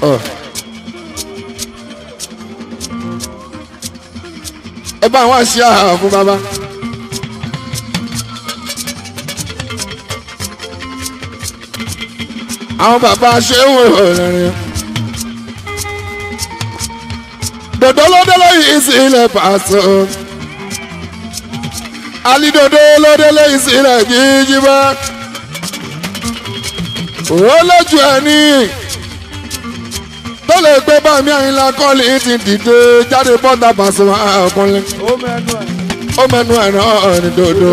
ẹ bá wọn ṣe àhàn fún bàbá. àwọn bàbá ṣe ń wò lẹ́rìn. dòdò lóde lóyún sí ilẹ̀ pàṣẹ. alidodo lóde lóyún sí ilẹ̀ jíjí bá. òun lójú ẹ ní lè gbé bàmí àyìnlá kọ́lì ti dìde jáde bọ́ta Pasuma ọkùnrin ó mẹ́nu ẹ̀ náà ní dodo.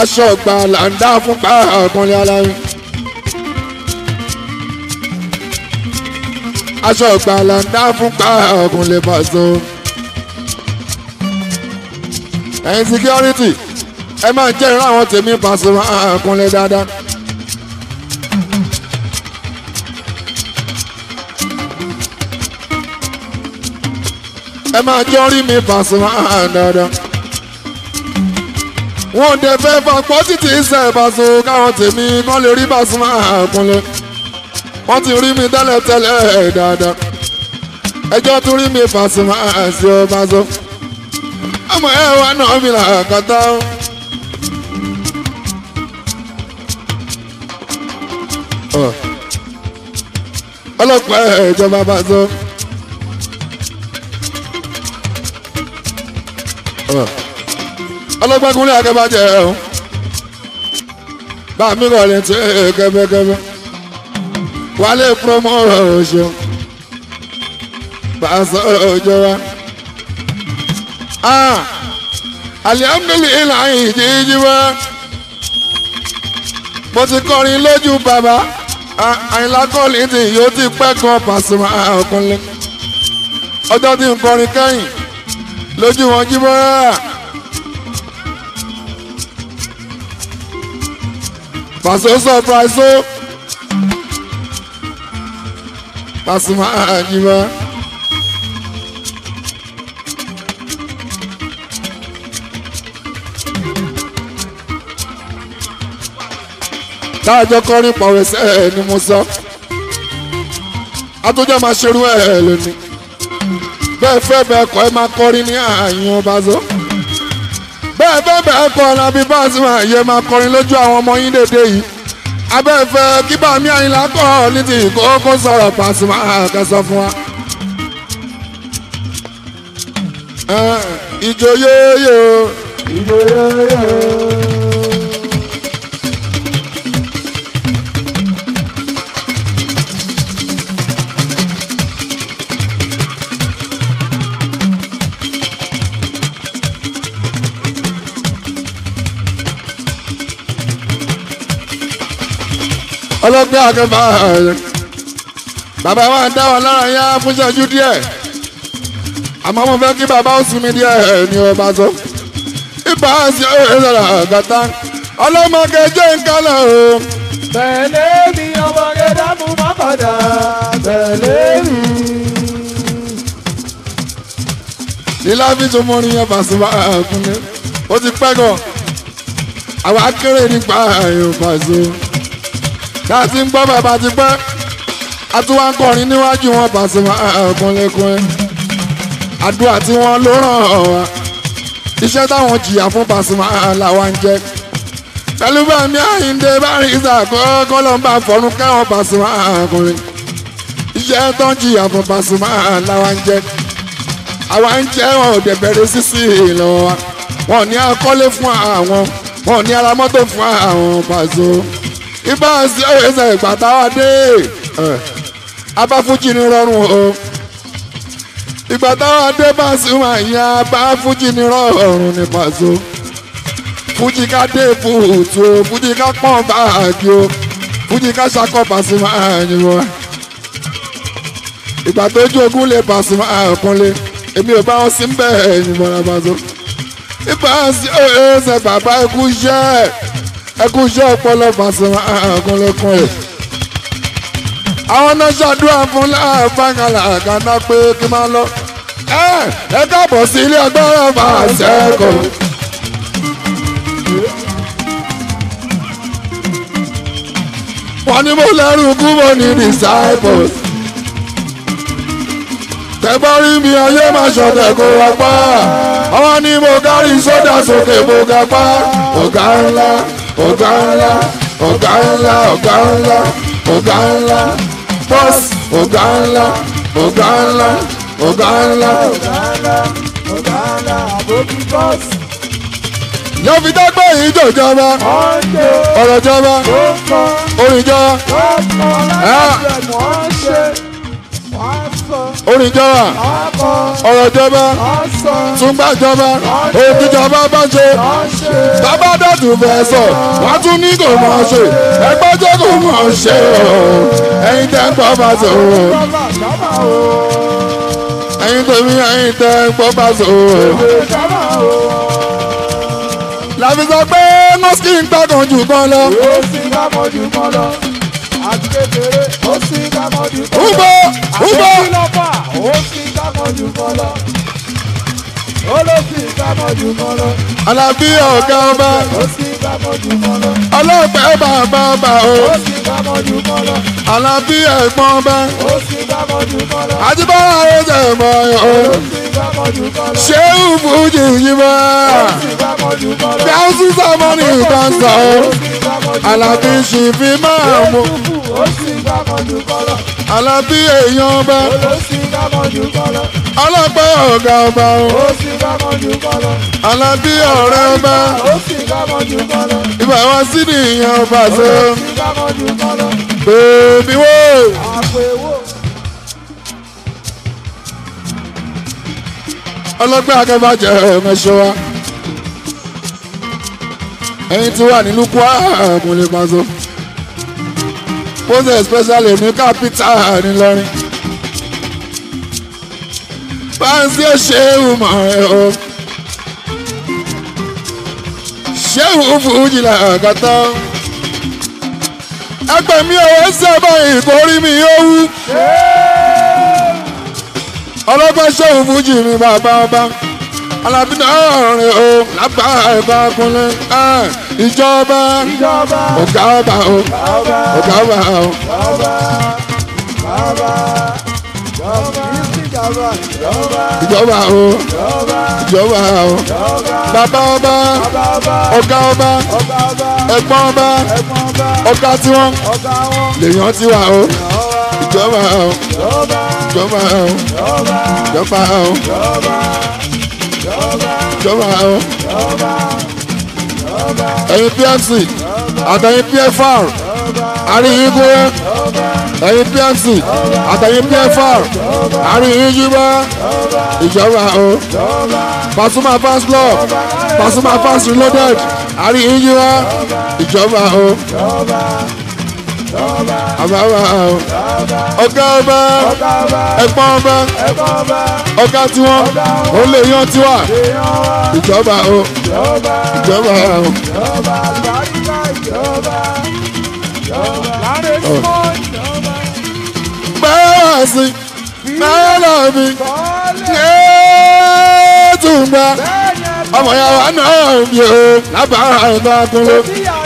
aṣọ ọgbà là ń dá fún pa ah, ọkùnrin aláyọ. aṣọ ọgbà là ń dá fún pa ọkùnrin lè bàtò. ẹ̀yin security ẹ máa jẹ́ irú àwọn tèmi Pasuma ah, Kunle dáadáa. ẹ máa jẹ́ rí mi Pasuma ah, dáadáa. wọ́n dẹ̀ fẹ́ fapọ́ títí sẹ́ Pasuma káwọn tèmi kán lè rí Pasuma ah, Kunle. wọ́n ti rí mi tẹ́lẹ̀tẹ́lẹ̀ dáadáa. ẹjọ́ tún rí mi Pasuma sí ọ Pasuma. ọmọ ẹ wà náà mi là kàtà ó. ọlọ́pàá ìjọba bá sọ. ọlọ́pàá kúnlẹ̀ akẹ́bà jẹ́ bá mi rọ̀ lẹ́tí kẹ́mẹ́kẹ́mẹ́ wálé promo ọ̀rọ̀ òṣèlú bá sọ̀rọ̀ ìjọba. Ah, alihamdulilayi jíjí wá mo ti kọrin lójú bàbá. Àyìnlá Kọ́lì ti yóò ti pẹ́ kan Pasuma ọ̀kùnrin ọjọ́ tí n kọrin kẹ́yìn lójú wọn jí bọ́rẹ́ Paso surprise o Pasuma ọ̀kùnrin. táàjọ kọrin pọ̀wẹ́sẹ̀ ẹ̀ ni mo sọ atọ́jọ́ máa ṣerú ẹ̀ lónìí bẹ́ẹ̀ fẹ́ bẹ́ẹ̀ kọ́ ẹ máa kọrin ní àyàn ọba sọ bẹ́ẹ̀ fẹ́ bẹ́ẹ̀ kọ́ ọ̀nàbí báàsì máa yẹ máa kọrin lójú àwọn ọmọ yín dédé yìí abẹ́ẹ̀fẹ́ kí bàmí àyìnlá kọ́ ní ti ìkókó sọ̀rọ̀ Pasuma kẹsàn fún wa. ìjòyè yòó. ìjòyè yòó. ọlọ́gbẹ́ àkànfà bàbá wa dá wa lára yá fúnṣẹ́jú díẹ̀ àmọ́ mo fẹ́ kí bàbá ó sinmi díẹ̀ ni ó bá sọ. ibà sí ọ̀rẹ́sọ̀rọ̀ àgàtà ọlọ́mọge jẹ́ nǹkan lọ. tẹ̀lé mi ọmọge dábù mọ́kànlá tẹ̀lé mi. ilé àfi tó mọ orin yẹn Pasuma àkúnlé ó ti pẹ́ gan àwọn akéré nípa àyè Pasuma tá a ti ń gbọ́ bàbá ti pẹ́ a tún wá ń kọrin níwájú wọn Pasuma kúnlẹ̀kúnlẹ̀ àdúrà tí wọ́n ló ràn wá iṣẹ́ táwọn jìyà fún Pasuma làwa ń jẹ́ pẹ̀lú bàmí Àyìndé bá rí ìsàkó kọ́lọ́mbà fọ́rún káwọn Pasuma kúnlẹ̀ iṣẹ́ tó ń jìyà fún Pasuma làwa ń jẹ́ àwa ń jẹ́ wọn ò dẹ̀ bẹ̀rẹ̀ lọ́wọ́ wa wọn ò ní akọ́lé fún àwọn wọn ò ní aramọ́tò fún àwọn Paso ibà sí ẹsẹ̀ ìgbàtà wa dé abáfújì ni rọrùn o ìgbàtà wa dé bá sí wa ìyá abáfújì ni rọrùn ní pàṣọ fújì ká dé fùtù o fújì ká pọ́n báàgì o fújì ká ṣakọ Pasuma yìí wọn ìgbà tó jogún lè Pasuma kúnlé èmi ò bá wọn sí ń bẹ́ẹ̀ yìnbọn abàzọ ìbá sí ẹsẹ̀ bàbá ikú iṣẹ́ ẹkú iṣẹ́ ọpọlọ Pasuma àgúnlẹ̀kùn ah, ah, ẹ̀. àwọn náà ṣàdúrà fún ah, láàbàkàlà àkànná pé kí máa lọ. ẹ káàbọ̀ sí ilé agbára Pàṣẹkọ̀. wọ́n ní mo lẹ́rù kúmọ̀ ní disciples. tẹ́gbọ́n rí mi ayé máa ṣọ̀tẹ̀ kó wá pa. àwọn ni mo kárí sódà sókè mo ga pa ọ̀gá ńlá ọ̀gá ńlá ọ̀gá ńlá ọ̀gá ńlá ọ̀gá ńlá bọ́s ọ̀gá ńlá ọ̀gá ńlá ọ̀gá ńlá ọ̀gá ńlá ọ̀gá ńlá àbókí bọ́s. lọ́fi dágbà yìí jọba ọ̀rọ̀ jọba orin jọba oríjọba ọ̀rọ̀jọba túngbàjọba òkìjọba bá ṣe bàbá dọ̀tún fẹ́ sọ wọ́n tún ní kò mọ̀ ṣe ẹgbẹ́ jẹ́ kò mọ̀ ṣe o ẹ̀yin tẹ́ ń pọ̀ bá ṣe o ẹ̀yin tèmi ẹ̀yin tẹ́ ń pọ̀ bá ṣe o. làbí sọ pé mọ́sìkì ń gbàgànjú kan lọ. ó kan lọ àti kékeré ó sì kámọ́jú kọ́lọ́ àti lọ́pàá ó sì kámọ́jú kọ́lọ́ ó ló sì kámọ́jú kọ́lọ́. Àlàbí ọ̀gá ọba ó sì kámọ́jú kọ́lọ́. ọlọ́pàá bàbá ọba o ó sì kámọ́jú kọ́lọ́. Àlàbí ẹ̀gbọ́n ọba ó sì kámọ́jú kọ́lọ́. àdìbọ́lá ó jẹ̀ mọ́ ẹ̀ o ṣéwù fújì yìíbá bí a ń sísá mọ́ ní ìgbà sàn ó Àlàbí ṣì fi máa mú ó sì ń gbàmọ̀jú kọ́lọ̀. alábí èèyàn ọba. ó sì ń gbàmọ̀jú kọ́lọ̀. alápá ọ̀gá ọba o. ó sì ń gbàmọ̀jú kọ́lọ̀. alábí ọ̀rẹ́ ọba. ó sì ń gbàmọ̀jú kọ́lọ̀. ibà wá sí ni ìyẹn ọba ṣe. ó sì ń gbàmọ̀jú kọ́lọ̀. bèbí wò. àpò èwo. ọlọ́gbẹ́ akẹ́bàjẹ́ ẹ̀mẹ́ṣọ́ wa ẹ̀yin tí wà ní Lukwa àmúlẹ̀ máa sọ most especially ní capital ni Báńsí ò ṣe ìwùmọ̀ ma yo, Ṣé ìwúfù jìlà àgàtà? Ẹgbẹ́ mi ò wọ́n sábà ìkórí mi yóò wú. Ọlọ́gbọ́n ṣé ìwúfù jì mí bàbá ọba? Alábí náà rìn o, lágbàá ẹ̀ka kúnlẹ̀. Ah ìjọba ọ̀gá ọba o ọ̀gá ọba o. ìjọba o ìjọba o bàbá ọba ọ̀gá ọba ẹ̀gbọ́n ọba ọ̀gá tiwọn lèèyàn tiwa o ìjọba o ìjọba o ìjọba o ìjọba o ẹ̀yin PMC àtẹ̀yin PFR àríyìn gbé ẹ̀yin PMC àtẹ̀yin PFR àríyìn yíwá ìjọba o Pasuma fans club Pasuma fans reloaded àríyìn yíwá ìjọba o àbá wa o ọ̀gá ọba ẹ̀gbọ́n ọba ọ̀gá tiwọn ó lè yan tiwa ìjọba o ìjọba o. bẹ́ẹ̀ sí bẹ́ẹ̀ lọ́bi yéé tún bá ọmọ yàrá náà yóò lábàá àìbá kúnlẹ̀.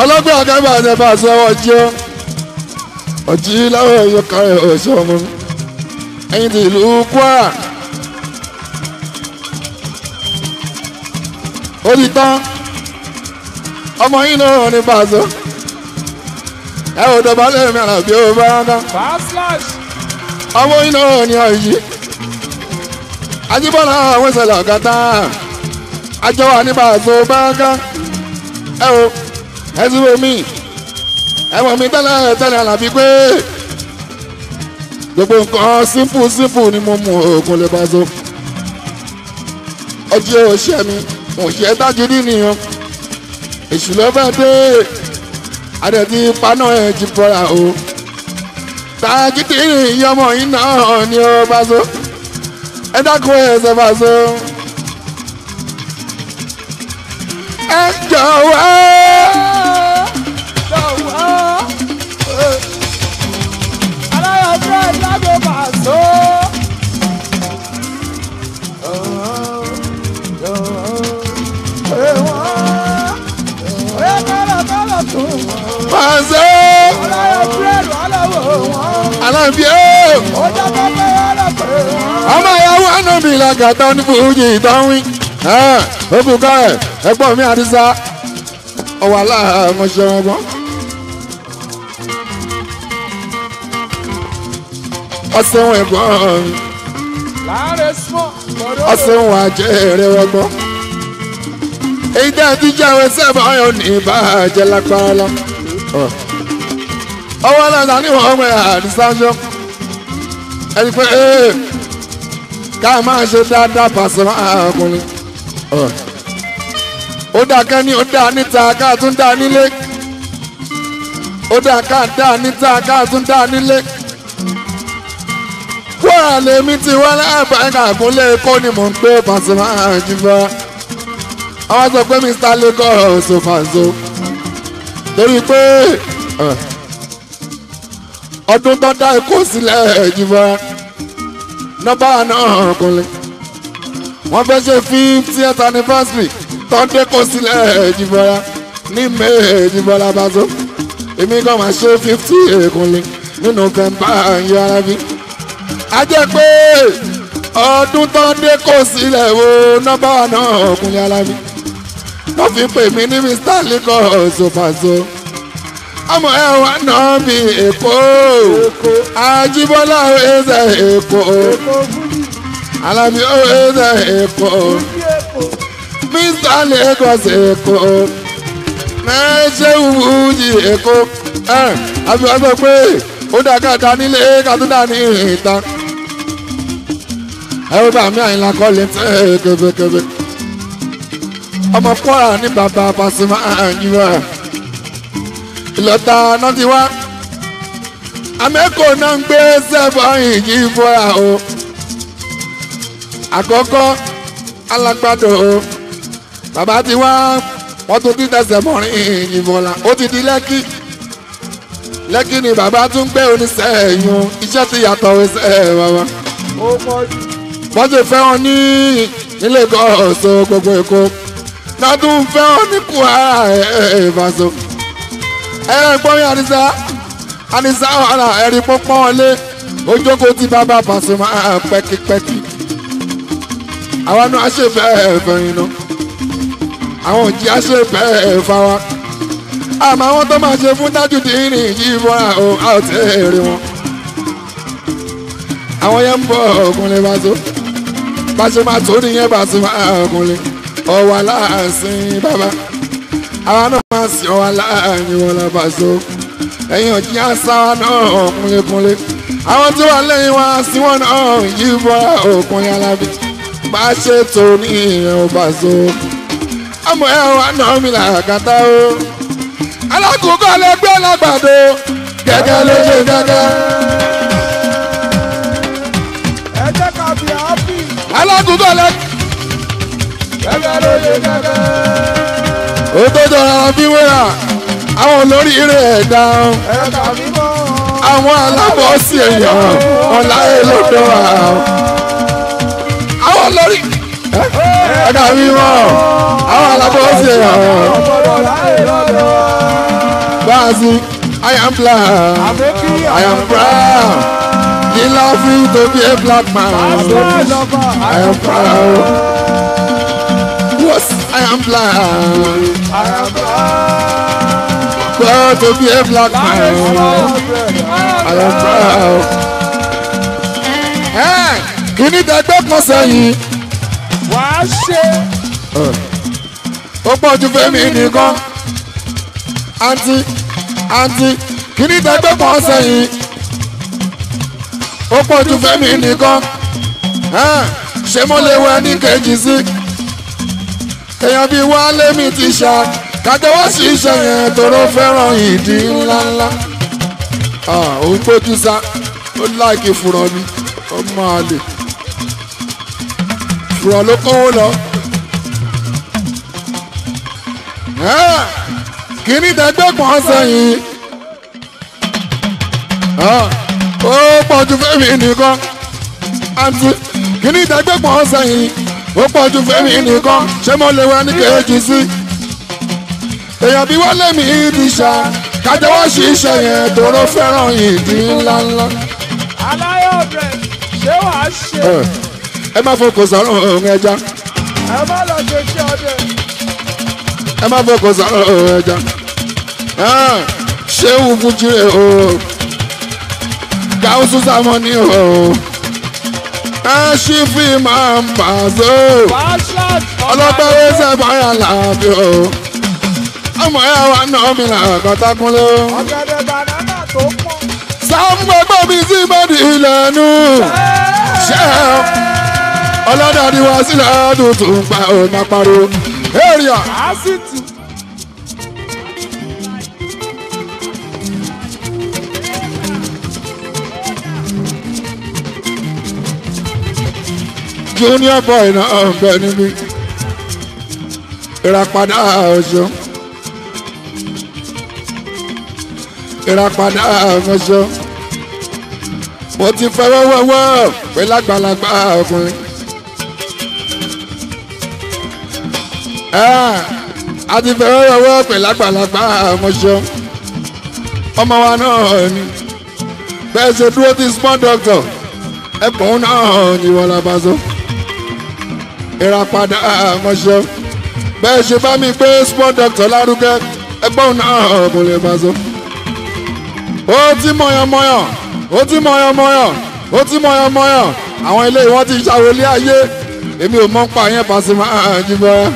ọlọ́gbọ́n ọ̀gá bá ṣe bá ṣe ọjọ́ láwọn èèyàn kan ọ̀ṣọ́ ọmọ ẹ̀yìn ti ìlú Kwara. ó tán ọmọ yìí náà ní ẹ ò dọ̀bà lẹ́yìn bí ó bá ń ọmọ yìí náà ní ọ̀yí Ajíbọ́lá àwọn ìṣẹ̀lẹ̀ ọ̀gá ẹ ti wo mi ẹ̀wọ̀n mi tẹ́lẹ̀ tẹ́lẹ̀ àlàbí pé gbogbo nǹkan simple simple ni mo mú oògùn lè bá so ọjọ́ òṣìṣẹ́ mi òṣìṣẹ́ dájú nìyẹn èṣù ló fẹ́ dé àdẹ̀tí paná ẹ̀ ti bọ́ra o tàgídì ìyọmọ yìí náà ni ó bá so ẹ dákun ẹ̀ ṣe bá so ẹ jọ̀wọ́. pàṣẹ. alábi ẹ. ọmọ ah, mi àdìsá ọ̀wà láàmú ọsẹ̀wọ̀n ẹ̀gbọ́n ọsẹ̀wọ̀n àjẹ́ rẹ̀ wọ́gbọ́n. èyí tẹ́ ẹ ti jẹ́ àwọn ẹsẹ̀ báyọ̀ ní ìbàjẹ́ lápáálá. ọwọ́ lọ́dà ní wọ́n mọ̀ àdìsájọ́ ẹni pé ká máa ṣe dáadáa pàṣẹ máa kùnrin. ó dà kẹ́ni ó dà níta ká tún dà nílé ó dà ká dà níta ká nílé. Pasuma lèmi ti wá lábàáyà kúnlé kó ni mò ń pé Pasuma àjùbá àwọn sọ pé Mr Lagos ọ̀sọ̀ fàṣọ torí pé ọdún tó dá ikú sílẹ̀ àjùbá nọ́bà náà kúnlé wọ́n fẹ́ ṣe fiftieth anniversary tó dé kó sílẹ̀ àjùbá ní May àjùbá làbàṣọ èmi kan máa ṣe fifty èkúnlé nínú kẹ́ńpá yàrá bíi. a jẹ́ pé ọdún tó ń dé kò sílẹ̀ o nọ́mbà náà ọkùnrin alámi wọ́n fi pè mí ní Mr. Liko Sopaso ọmọ ẹ̀wọ̀n náà mi Èkó Ajíbọ́lá ẹ̀sẹ̀ Èkó Alámi ẹ̀sẹ̀ Èkó Mr. Liko Èkó mẹ́ṣẹ́ wújì Èkó àbí sọ pé ó dàgbà kàtúndà ní ìta. ẹ ó bá mi àyìnlá kọ́lé kébékébé ọmọ kwara ní bàbá Pasuma àyìnbá ìlọta náà ti wá amẹ́kọ̀ọ́ náà ń gbé sẹ́fọ̀ yìí fọ́ra o àkọ́kọ́ alágbádò o bàbá ti wá wọ́n tún ti tẹ̀sẹ̀ mọ́rin ìyìnbọ̀là ó ti di lẹ́kì lẹ́kì ni bàbá tún gbé oníṣẹ́ ẹ̀yún iṣẹ́ ti yàtọ̀ ẹ̀ṣẹ̀ ẹ̀ wá wá. ó mọ̀ wọ́n ti fẹ́ wọn ní ilé kọ́ọ̀sọ gbogbo èkó látún fẹ́ wọn ní Kwara eh, ìfàṣọ. ẹ ẹ gbọ́ mi àdìsá àdìsá wàhálà ẹ̀rí pọ́npọ́n wọlé ojókòó ti bàbá Pasuma pẹ́kípẹ́kí. àwa náà ṣe bẹ́ẹ̀ fẹ́yìn náà àwọn òjì á ṣe bẹ́ẹ̀ fáwa. àmọ́ àwọn tó máa ṣe fún dájú ti rìn yìí fọ́ra o a ò tẹ́ èrè wọn. àwọn yẹn ń bọ̀ ọ̀gùn bá so. Pasuma tó nìyẹn Pasuma àkùnlé ọwà láàsìn bàbá àwa náà máa sìn ọwà láàyè wọn lọ Paso ẹ̀yìn òjì àsáwá náà kúnlékúnlé àwọn tí wà lẹ́yìn wá sí wọn náà yìí bọ́ òkun yàrá bí bá ṣe tó ní ìyẹn ò Paso ọmọ ẹ wa náà mi là kàtà o alákòókò lẹgbẹ́ lágbàdo gẹ́gẹ́ ló gẹ́gẹ́. alátúndọ̀lẹ́. gẹ́gẹ́ bí wéra àwọn olórí eré ẹ̀dá. àwọn alábọ̀ọ́sì èèyàn ọ̀la èlòdò àwọn. olórí ẹ̀ka mímọ́ àwọn alábọ̀ọ́sì èèyàn ọ̀la I am The laughing to be a black man. I am proud. Yes, I am black. I am proud. Proud to be a black man. I am proud. Hey, you need kìíní dẹgbẹ́ kan sẹ́yìn. Wàá ṣe. Ó pọ̀ ju Fẹ́mi Auntie, auntie, you need a kan sẹ́yìn ó pọ̀ ju fẹ́mi nìkan ṣé mo lè wẹ ní kejì sí èèyàn bíi wálé mi ti ṣá kájọwọ́ sì ṣe yẹn tóró fẹ́ràn ìdí ńláńlá ó gbójú sá ó láìkí fùrọ̀ mi ó máa lè fùrọ̀ ló kówó lọ kí ni dẹgbẹ́ kan sẹ́yìn ó pọ̀ ju fẹ́mi nìkan àǹtí kíní ìdágbẹ́pọ̀ sẹ́yìn ó pọ̀ ju fẹ́mi nìkan ṣé mo lè wá ní kejì sí. èèyàn bí wọ́n lé mi ìdí ṣá kájọ wá ṣiṣẹ́ yẹn tóró fẹ́ràn ìdí ńláńlá. aláyọ̀ rẹ̀ ṣé wàá ṣe. ẹ má fokò sọ̀rọ̀ òun ẹja. ẹ má lọ ṣe ṣe ọdẹ. ẹ má fokò sọ̀rọ̀ òun ẹja. ṣé òun fún jíire o. House Harmony o. ẹ ṣí fíìmù àǹbàzó. ọlọ́pẹ́ wé sẹ́fà yà láàbí o. ọmọ ẹ̀ wà náà mi là kọ́tàkùnlé. sàmúgbàgbọ́ mi sí bọ́dì ìlànà. ṣé ọlọ́dàdí wá sílẹ̀ ọdún tó ń pa òun apárò. èrìà. a sì tù. junior boy na, náà ọ̀bẹ níbí ìràpadà ah, ọ̀ṣọ́ ìràpadà ah, ọ̀ṣọ́ mo ti fẹ́ wọ́wọ́wọ́ pé lágbàlagbà ọkùnrin. Ah, a ti fẹ́ wọ́wọ́wọ́ pé lágbàlagbà ọmọṣọ́ ọmọ wa náà ni bẹ́ẹ̀ ṣe dúró ti small doctor ẹ̀bùn náà ni wọ́n la bá ìràpadà àmọ́ṣọ́ ah, ah, bẹ́ẹ̀ ṣe bá mi gbé sport doctor lárugẹ ẹgbọ́n náà kò ah, lè bá so. ó ti mọ̀yànmọ̀yàn ó ti mọ̀yànmọ̀yàn ó ti mọ̀yànmọ̀yàn àwọn ilé ìwọ́n ti ṣàwọlé ayé èmi ò mọ̀ ń pa yẹn pàṣẹ máa jí bọ́ ẹ.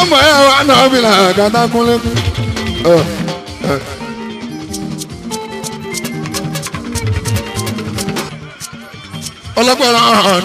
ọmọ ẹ wà náà mi là gàdá kúnlẹ́kún. ọlọ́pàá ọ̀hún.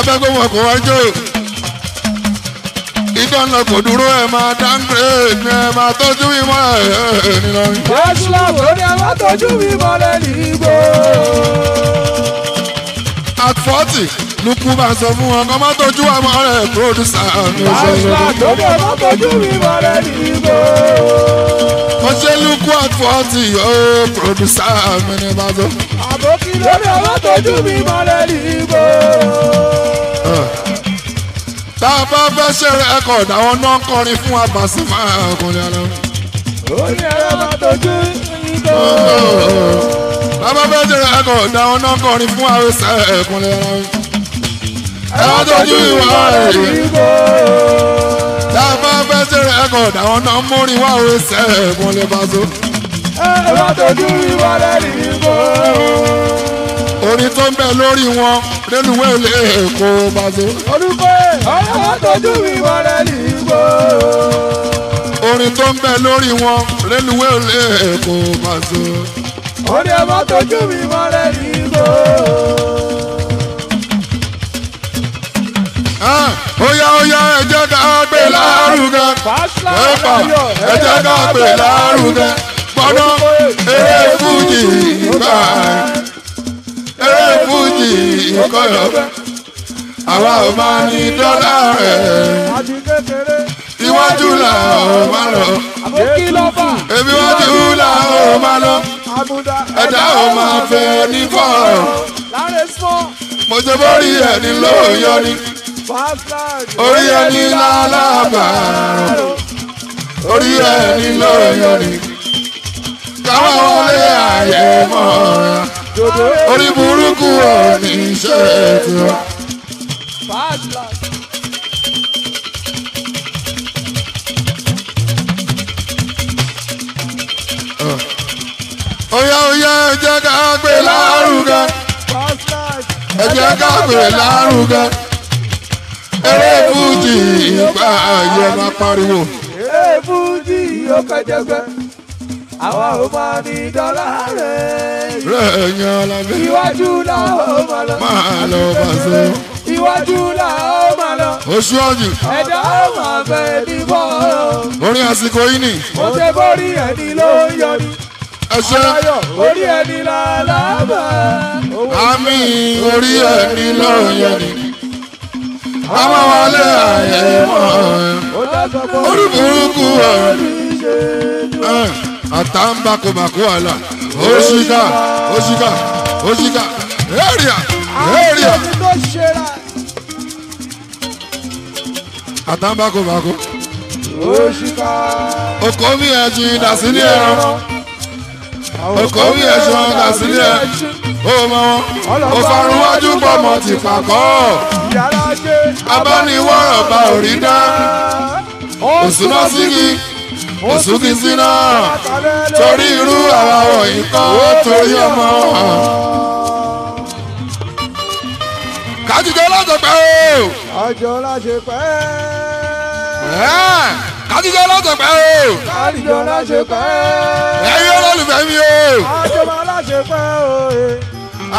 afẹ́gbọ́mọ kò wá jó ìgbà kò dúró ẹ máa dáńgbé ni ẹ máa tọ́jú ìmọ̀ ẹ nínú. wáṣíláàbò ni a máa tọ́jú ìmọ̀ lẹ́nu igbó. at forty lukú bá sọ fún wọn máa tọ́jú àmọ́ rẹ̀ producer. wáṣíláàbò ni a máa tọ́jú ìmọ̀ lẹ́nu igbó ṣe look what forty yóò producer mi ní bàtọ. àbókí lórí alátojú mi mọ́lẹ̀ nìbò. Ah. tá a bá fẹ́ ṣe rẹ́kọ̀dì àwọn náà ń kọrin fún abàṣì máa kọrin ara wọn. ó ní ẹ̀rọ máa tọ́jú nìbò. tá a bá fẹ́ ṣe rẹ́kọ̀dì àwọn náà ń kọrin fún àwòsàn ẹ̀kúnlẹ̀ ara wọn. ẹ̀rọ tọ́jú ìwà ẹ̀rí legacy record àwọn náà múri wá o sẹ́ẹ̀kùn lè bá so. ẹ bá dojú rí wa lẹ́rìí nígbò. orin tó ń bẹ lórí wọn rélùwé lè kó o bá olùkọ́ ẹ̀ ọ̀rẹ́ dojú rí lẹ́rìí nígbò. orin tó ń bẹ lórí wọn rélùwé lè kó o bá orin ẹ bá dojú rí lẹ́rìí nígbò. Ah! Oya oya ẹ jẹ́ ká gbé lárugẹ. Ẹ̀pà ẹ jẹ́ ká gbé lárugẹ. Gbọ́dọ̀ eré fújì ìgbà eré fújì ìkọyọ̀. Àwa ò máa ní dọ́là rẹ̀. Iwájú là ò máa lọ. Èmi wájú là ò máa lọ. Ẹ̀dá ò máa fẹ́ ní fọ́ọ̀rọ̀. Mo ṣe bórí ẹni lóòyọ́ ni orí ẹni lálábàárò orí ẹni lóyún ni káwọn wọlé ààyè mọ́ra orí burúkú òní ṣe tiwa. Oya oya ẹ jẹ́ ká gbé lárugẹ ẹ jẹ́ ká gbé lárugẹ fújì ìgbà ayé máa pariwo. ee fújì yóò kẹjẹ gbẹ àwa ò máa ní dọ́là rẹ̀. rẹ̀ yan alábẹ́. iwájú la ó máa lọ. máa lọ bá sọ. iwájú la ó lọ. oṣù ọ̀jù. ẹ̀dá ó máa ní bọ́. orin àsìkò yìí ni. mo ṣe borí ẹni ló ń yọ ni. ẹ ṣe. aláyọ̀ orí ẹni là àmì orí ẹni ló ń yọ ni àwọn wọlé ayé mọ́ orí burúkú ọ̀rẹ́ àtà ń bá kòmàkó àlà òṣìkà òṣìkà òṣìkà èrìà èrìà àtà ń bá kòmàkó. Oko mi ẹ̀sìn ìdásílẹ̀ ẹ̀rọ. Oko mi ẹ̀sìn ìdásílẹ̀ ẹ̀rọ ó mọ wọn ó farun wájú pọmọ ti pàkọ́ abániwọ̀rọ̀ bá òrí dá òsúná sígi òsúgi síná torí irú àwa wọ̀nyí kan ó torí ọmọ wọn. kájíjọ láti pẹ́ o. kájíjọ láti pẹ́. kájíjọ láti pẹ́ o. kájíjọ láti pẹ́. ẹ̀yin olólùfẹ́ mi o. kájíjọ láti pẹ́ o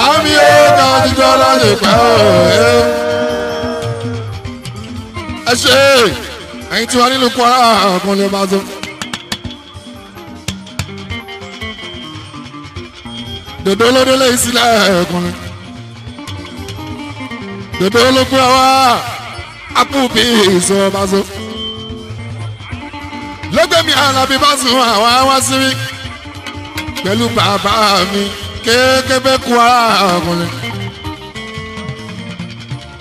àmì ọ̀gá àtijọ́ láti pẹ́ ẹ̀. ẹ ṣe ẹ̀yin tí wọ́n nílùú Kwara ọ̀kan lè máa tó. dòdò olódólé ìsílẹ̀ ẹ̀kùnrin dòdò olókùn àwa akúbi ìsọ ọba so lọ́gbẹ̀mí alábí bá sùn àwa wá sí mi pẹ̀lú bàbá mi kéékébé ku ara ọkùnrin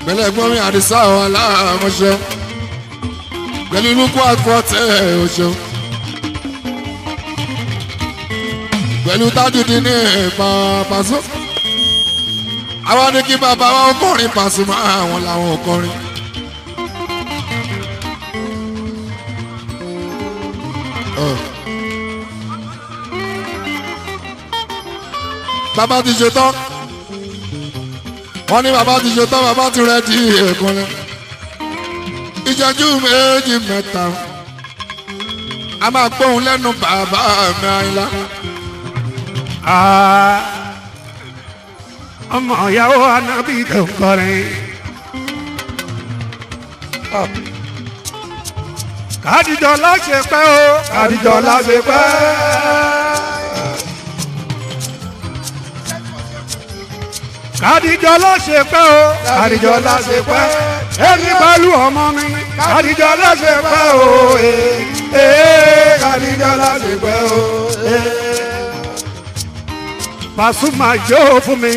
pẹ̀lú ẹ̀gbọ́n mi àdìsá ọ aláàmọṣẹ pẹ̀lú lukú àkọọtẹ ọṣẹ pẹ̀lú tájúdí ní pàpàṣọ àwọn ní bàbá wa ọkọrin Pasuma àwọn làwọn ọkọrin. Uh. bàbá ti ṣe tán wọ́n ní bàbá ti ṣe tán bàbá ti rẹ̀ di èkúnlẹ̀ ìjọjú méjì mẹ́ta a máa gbóhùn lẹ́nu bàbá mi àyìnlá. ọmọ ìyàwó anábì tó ń kọrin. kádìjọ láṣepẹ́ o kádìjọ láṣepẹ́. Kàdíjọ́ ló ṣe pẹ́ o. Kàdíjọ́ ló ṣe pẹ́. Èmi pẹ̀lú ọmọ mi. Kàdíjọ́ ló ṣe pẹ́ o. Eh, eh, Kàdíjọ́ ló ṣe pẹ́ o. Eh. Pasuma jó fún mi.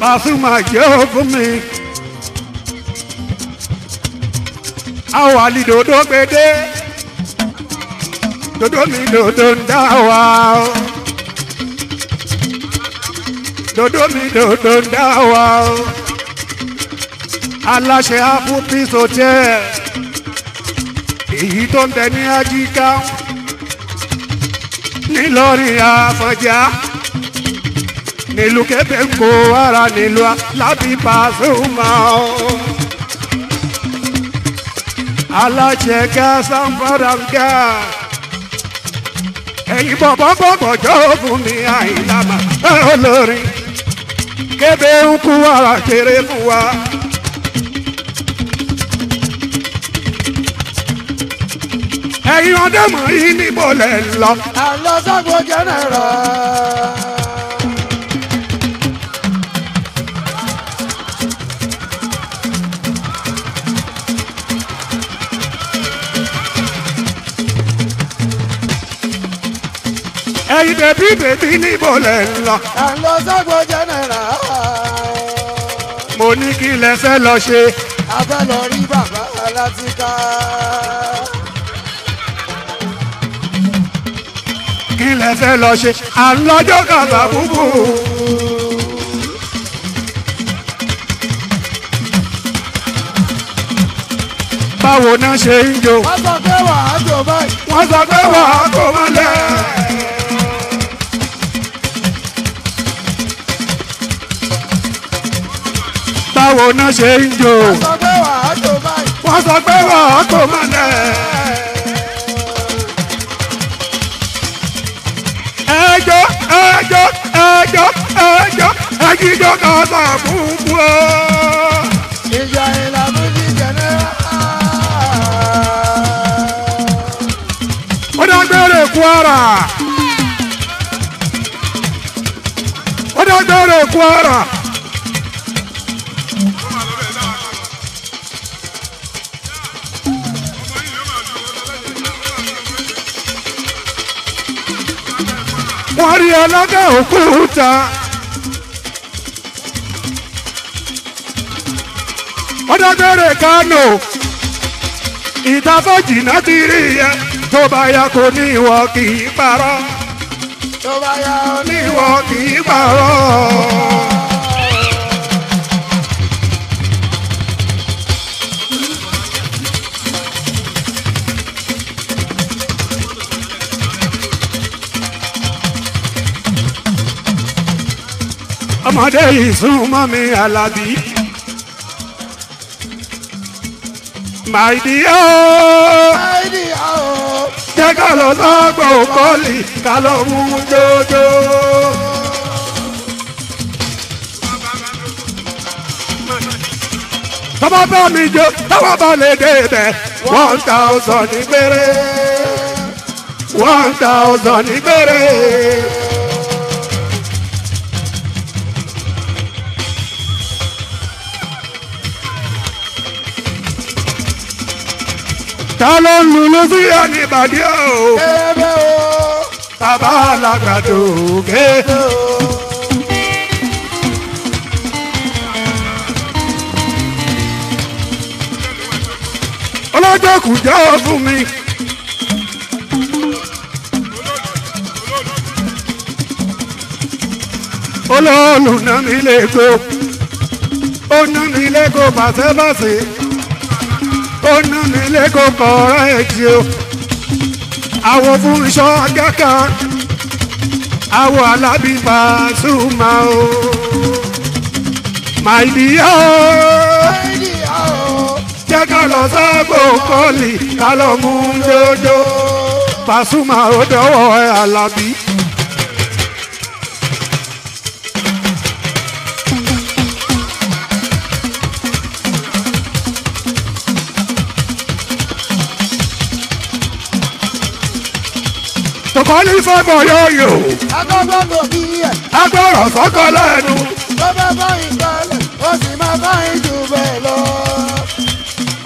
Pasuma jó fún mi. a wà ní dòdò gbèdé mi dodo ń dá wa o dòdò mi dodo ń dá wa o aláṣẹ apple peace hotel èyí tó ń tẹ ní ajíká nílọrin àfọjá nílùú ń kó ara nílùú lábí Pasuma o aláṣẹ ká sanfara ká ẹ̀yin baba bọ̀bọ̀ jọ mi àìlámà ma kébé ń kú wa kéré fún wa. ẹ̀yin ọdẹ mọ̀ yìí níbo lẹ̀ ń ẹ̀yin bèbí bèbí níbo lẹ̀ ń lọ. à ń lọ Ságbó jẹ́nẹ̀rà. mo ní kí lẹ fẹ́ lọ ṣe. a fẹ́ lọ rí bàbá Alátìká. kí lẹ lọ ṣe. à kàtà búbù. báwo náà ṣe ń jó. wọ́n sọ pé wàá jó báyìí. wọ́n sọ pé wàá jó báyìí. wo náà ṣe ń jò. wọ́n sọ pé wà á tó máa lẹ̀. ẹjọ́ ẹjọ́ ẹjọ́ ẹjọ́ ẹjíjọ́ kan sà fún fún ọ. ìjà ìlànà ti jẹ̀nẹ́. ó dágbére Kwara. ó dágbére Kwara. wọ́n rí ọlọ́gà òkúta. ọ̀dọ́gbẹ̀rẹ̀ kánò ìtafọ́jì náà ti rí yẹ tó bá yá kó ní ìwọ kì í parọ́ tó bá yá kó ní ìwọ kì í parọ́. ọmọdé ìsúnmọ́ mi alábí. My dear. My dear. Jẹ́ ká lọ sọ́gbọ̀ kọ́lì ká lọ mú jójó. Tọ́wọ́ bá mi jó, tọ́wọ́ bá lè dé ibẹ̀, one thousand ní One thousand ní ta ló ń lulú sí àníbàdí o. kébé o. bàbá alágbàdo òkè. ọlọ́jọ́ kù jẹ́ fún mi. olóòlù náà mi lè go ó náà mi lè go bàṣẹ́bàṣẹ́ ó ná mi lẹ́kọ̀ọ́ kọ́ra ẹ̀tì o àwọ̀ fún iṣọ́ agáka àwọ̀ alábí Pasuma o my dear jẹ́ ká lọ sáàgbò kọ́ọ̀lì ká lọ mú dodo Pasuma ó dọ́wọ́ ẹ̀ alábí. kòkó ní sọ́gbọ̀ yóò yò. agbọ́dọ̀ kò bí ẹ̀. agbọ́dọ̀ sọ́kọ lẹ́nu. tó bá bá ìgbàlẹ̀ ó sì máa bá ìjù bẹ́ẹ̀ lọ.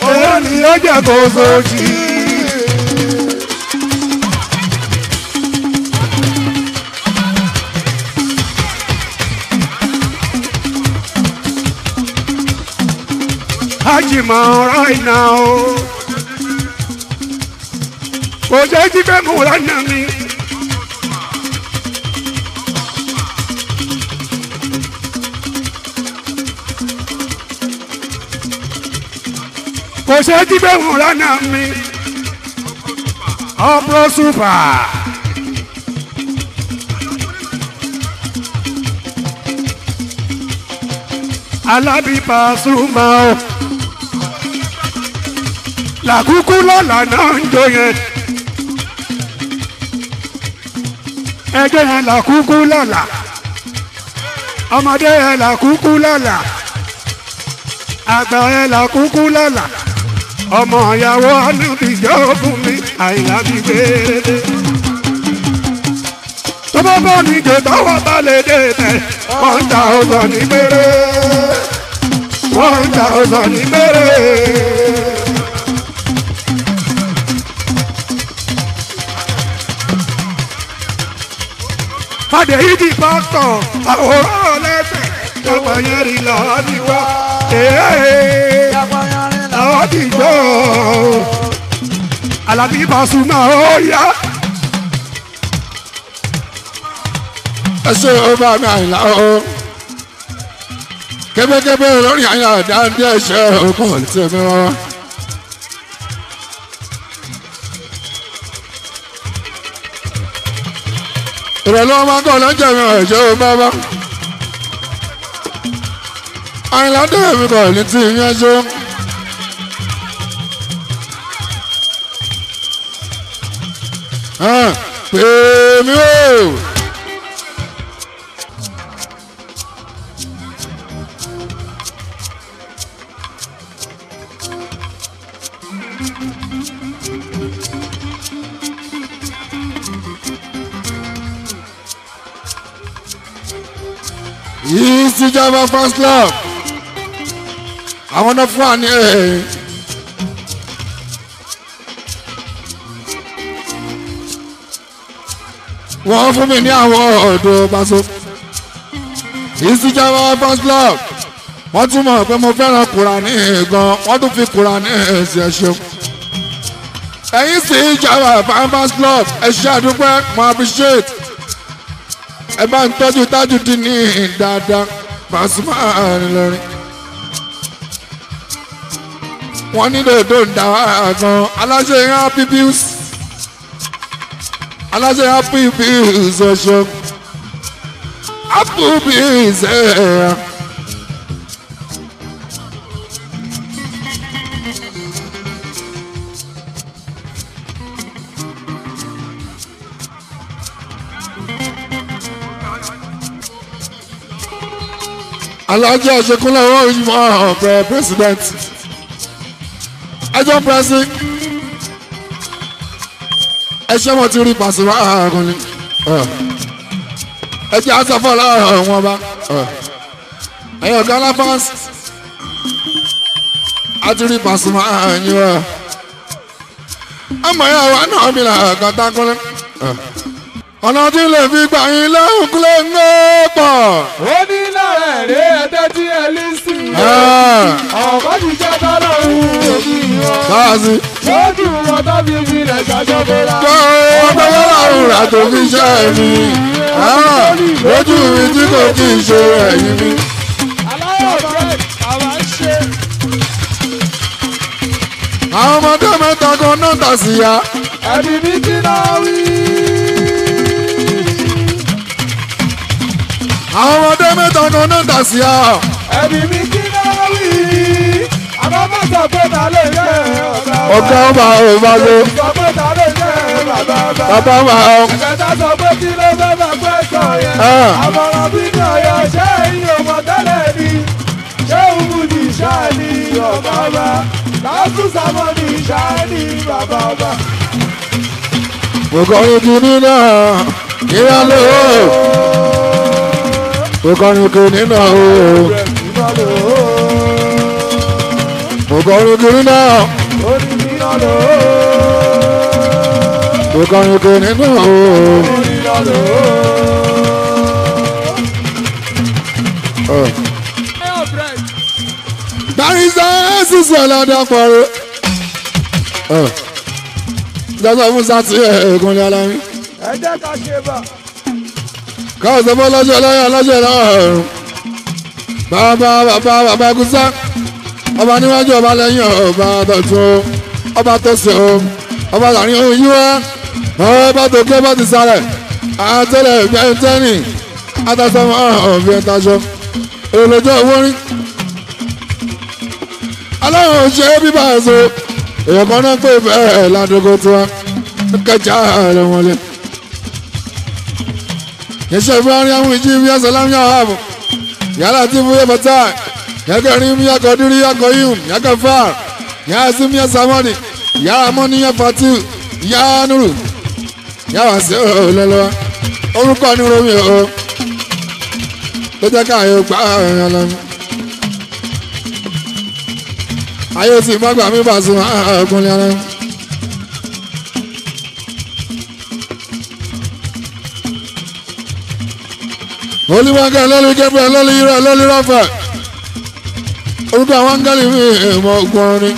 owó ni ó jẹ́ kó sojì. Ajima right now. Kò jẹ́ jí fẹ́ mú lánàá mi. kò ṣe jí bẹ́ẹ̀ wù lánàá mi ọ̀pọ̀ súpà. Alábí Pasuma o làkúkú lọ́la náà ń jó yẹn ẹjọ́ yẹn làkúkú lọ́la ọmọdé yẹn làkúkú lọ́la àgbà yẹn làkúkú lọ́la ọmọ ìyàwó alùpìjọ́ fún mi àyìnlá ti gbèrèdè. tọ́bọ̀ bọ́ ní jẹ́tọ́ wọ́n bá lè dé tẹ̀ one thousand ní péré one thousand ní péré. Fàdé yìí di pásítọ̀ àwòrán lẹ́sẹ̀ tó yẹn rí lọ́ọ́ ní wá dìjọ́ Àlàbí Pasuma ó yá. ẹ ṣe ó bá mi àyìnlá ó kébékébé lórí àyìnlá dáadé ṣe ọkọ tẹ mi wá. ìrọ̀lẹ́ wọn máa lọ́jọ́ mi ò ṣe ó bá àyìnlá dé mi kọ̀ ní ti yẹn ṣe. pè mí o. East Java First love. àwọn náà fún wa ní eh, wọ́n fún mi ní àwọn ọ̀dọ́ Paso. ìsìjàwá fans club wọ́n tún mọ̀ pé mo fẹ́ràn Kùránì gan wọ́n tún fi Kùránì ẹ̀sìn ẹ̀ṣẹ̀. ẹ̀yin sì ìjàwá fans club ẹ̀ṣẹ̀ àdúgbò mo appreciate ẹ bá ń tọ́jú Tajudeen ní dáadáa Pasuma Ìlọrin wọ́n nílò èdò ìdáwà gan aláṣẹ ìhàn pípíùsì. I say happy bills ọṣọ happy bills ẹ. alájẹ àṣekúnlẹ̀ wọ́n yìí mọ́ ọ̀bẹ president ẹjọ́ president ẹ ṣé wọn ti rí Pasuma ààrùn ni ẹ jẹ́ àṣàfọ́ lára àwọn ọba ah. ẹ̀yin ọ̀gá alábọ́ns a ti rí Pasuma ààrùn yìí wọ́n ọmọ yẹn wà náà mi là kàn tákùnrin ọ̀nà tí lè fi gbà yín lẹ́hùn kúlẹ̀ ń gbọ́ pọ̀. ó ní lára ẹ̀rẹ́ ẹ̀tẹ́ tí ẹ lè sìn. ọ̀pọ̀ ti jẹ́ tọ́lọ́run òbí wọn. báàsì. lójú wọn tọ́bi fi lẹ̀ ṣàjọ bẹ́ra. tó o tọ́wọ́ làrùn rà tó fi ṣe é lójú mi tí kò kí n ṣe ẹ̀yìn mi. aláwọ̀ bẹ́ẹ̀ àwa ń ṣe. àwọn ọmọdé mẹ́ta kan náà tà sí ya. ẹ̀mí mi kí náà wí. àwọn ọmọdé mẹ́ta kan náà sí a. ẹ̀mí mi kí náà wí àmọ́ mọ́tò pé ta lè jẹ́ ọ̀gá wa. ọ̀gá wa ò bá lo. sọ pé ta lè jẹ́ bàbá wa. bàbá wa. ẹ̀kẹ́ta sọ pé kí ló fẹ́ bá pẹ́ sọ yẹn. Ah. àmọ̀ràn bí ní ọ̀yọ́ ṣé ìyẹn ọmọ tẹ́lẹ̀ ni ṣé òmùdí ṣáà ni ọ̀gá wa lásù sámọ́ ni ṣáà ni bàbá wa. mo kọrin kìíní náà kíra lóò mo kọrin kiri nínà o mo kọrin kiri náà mo kọrin kiri nínà o. Barisa sísun ọ̀làdà pọ̀rọ̀. Ìjọba fún sátì ẹ̀ ẹ̀gúnlẹ̀ alámi. Ẹ jẹ́ ká ṣe bá káwọ́sọ fún ọlọ́jọ́ ọlọ́yà ọlọ́jọ́ ba ba ba ba ẹ̀kúsá ọba níwájú ọba lẹ́yìn ọba dọ̀tún ọba tó sè o ọba láàrin ohun yíwá ọba tó ké bá ti sálẹ̀ àtẹlẹ gbẹntẹ́nì àtàsọmọ ọ̀hún ẹ̀ńtàṣọ èròjọ owó rí aláwọ̀ ṣe é bíbá ẹ̀sọ́ èèyàn kan náà pé ìfẹ́ ẹ̀ ládógó tiwa kẹjà rẹ̀ wọlé. Yesha Ibrahim Mujib ya salam ya habu Ya Latifu ya Fatah Ya Karim ya Qadiri ya Qayyum ya Ghaffar Ya Azim ya Samadi Ya Amani ya Fatu ya Nuru Ya Wasi ololo Orúkọ ni Romi o Tó jẹ́ ká ayé gbà ẹ̀yàn lọ Ayé ti má gbà mí bá sun ọkùnrin ẹ̀rọ. olùwàgà lọ́lù gabriel lọ́lù irọ́ lọ́lù rafa orúkọ àwọn mi ìmọ̀ ogun ọ̀run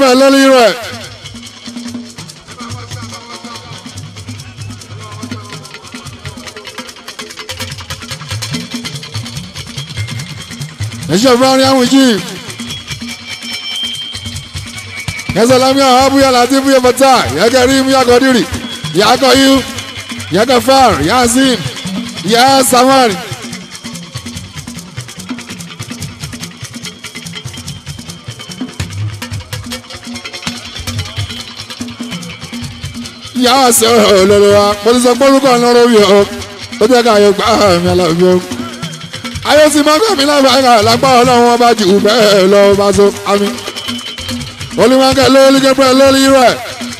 fẹ́ lórí rẹ̀. ẹ̀ṣẹ̀ fúlàní àwùjí ẹ̀ṣẹ̀ lámìá abuya láti fúyẹ bàtà yẹ́kẹ́ rí mú yàgò dìrì yàgò yú yàgò fáàr yàzim yà sàmárì. ti yà á sẹ́ olórí wa mo ti sọ pé orúkọ náà lórí o ó jẹ́ ká yọ gbà mí alábí o. ayé ti máa gbà mí lábàárà lápá ọlọ́run wọn bá jù bẹ́ẹ̀ lọ bá so àmì. olùwànkẹ́ lórí gẹ́gẹ́ lórí rẹ̀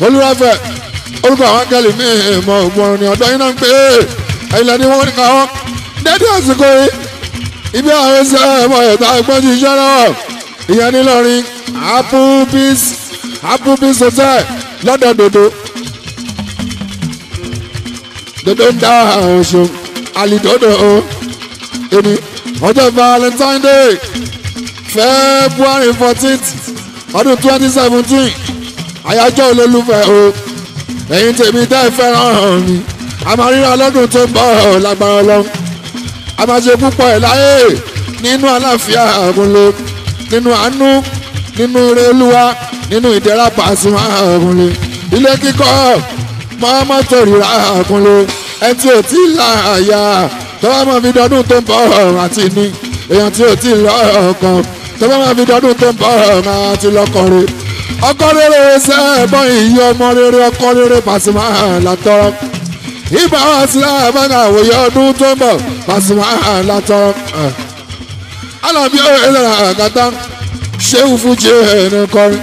olùwàfẹ́ orúkọ àwọn akẹ́lì mi mọ ògbọ́n ni ọ̀dọ́ iná ń pè é ẹ̀yìnlẹ̀ ni wọ́n kà wọ́n dédé àsìkò yìí ibi àwọn ẹsẹ̀ ẹ̀mọ ẹ̀ta ẹ̀gbọ́n ti ṣiṣẹ́ náà ìyẹn ní Ìlọrin Apple Peace Apple Peace Hotel lọ́dọ̀ dòdò dodo ń dá ọ̀ṣun àlìdodo èmi ọjọ́ valentine day february fourteenth ọdún twenty seventeen àyájọ́ olólùfẹ́ o ẹ̀yin tèmi dá ìfẹ́ràn mi a máa ríra lọ́dún tó ń bọ̀ lágbára ọlọ́run a máa ṣe púpọ̀ ẹ̀ láyé nínú àlàáfíà àgúnlé nínú àánú nínú ire olúwa nínú ìdẹ́ra pàṣẹ àgúnlé ilé kíkọ́ mọ́mọ́ torí ra àkúnlé ẹni tí ò tí ì la àyà tọ́wọ́ máa fi dọdún tó ń bọ̀ ọ̀ràn àti ní èèyàn tí ò tí ì lọ ọkàn tọ́wọ́ máa fi dọdún tó ń bọ̀ ọ̀ràn àti lọ́kọ̀ọ́rẹ́ ọkọ rere sẹ́ẹ̀bọ̀n ìyí ọmọ rere ọkọ rere Pasuma látọ́rọ́ ibà ọ̀sìn àbága àwòyẹ ọdún tó ń bọ̀ Pasuma látọ́rọ́ alábíọ́ ẹ̀rọ àgàtà ṣéwù fún jẹ́ ẹ̀rọ kọrin.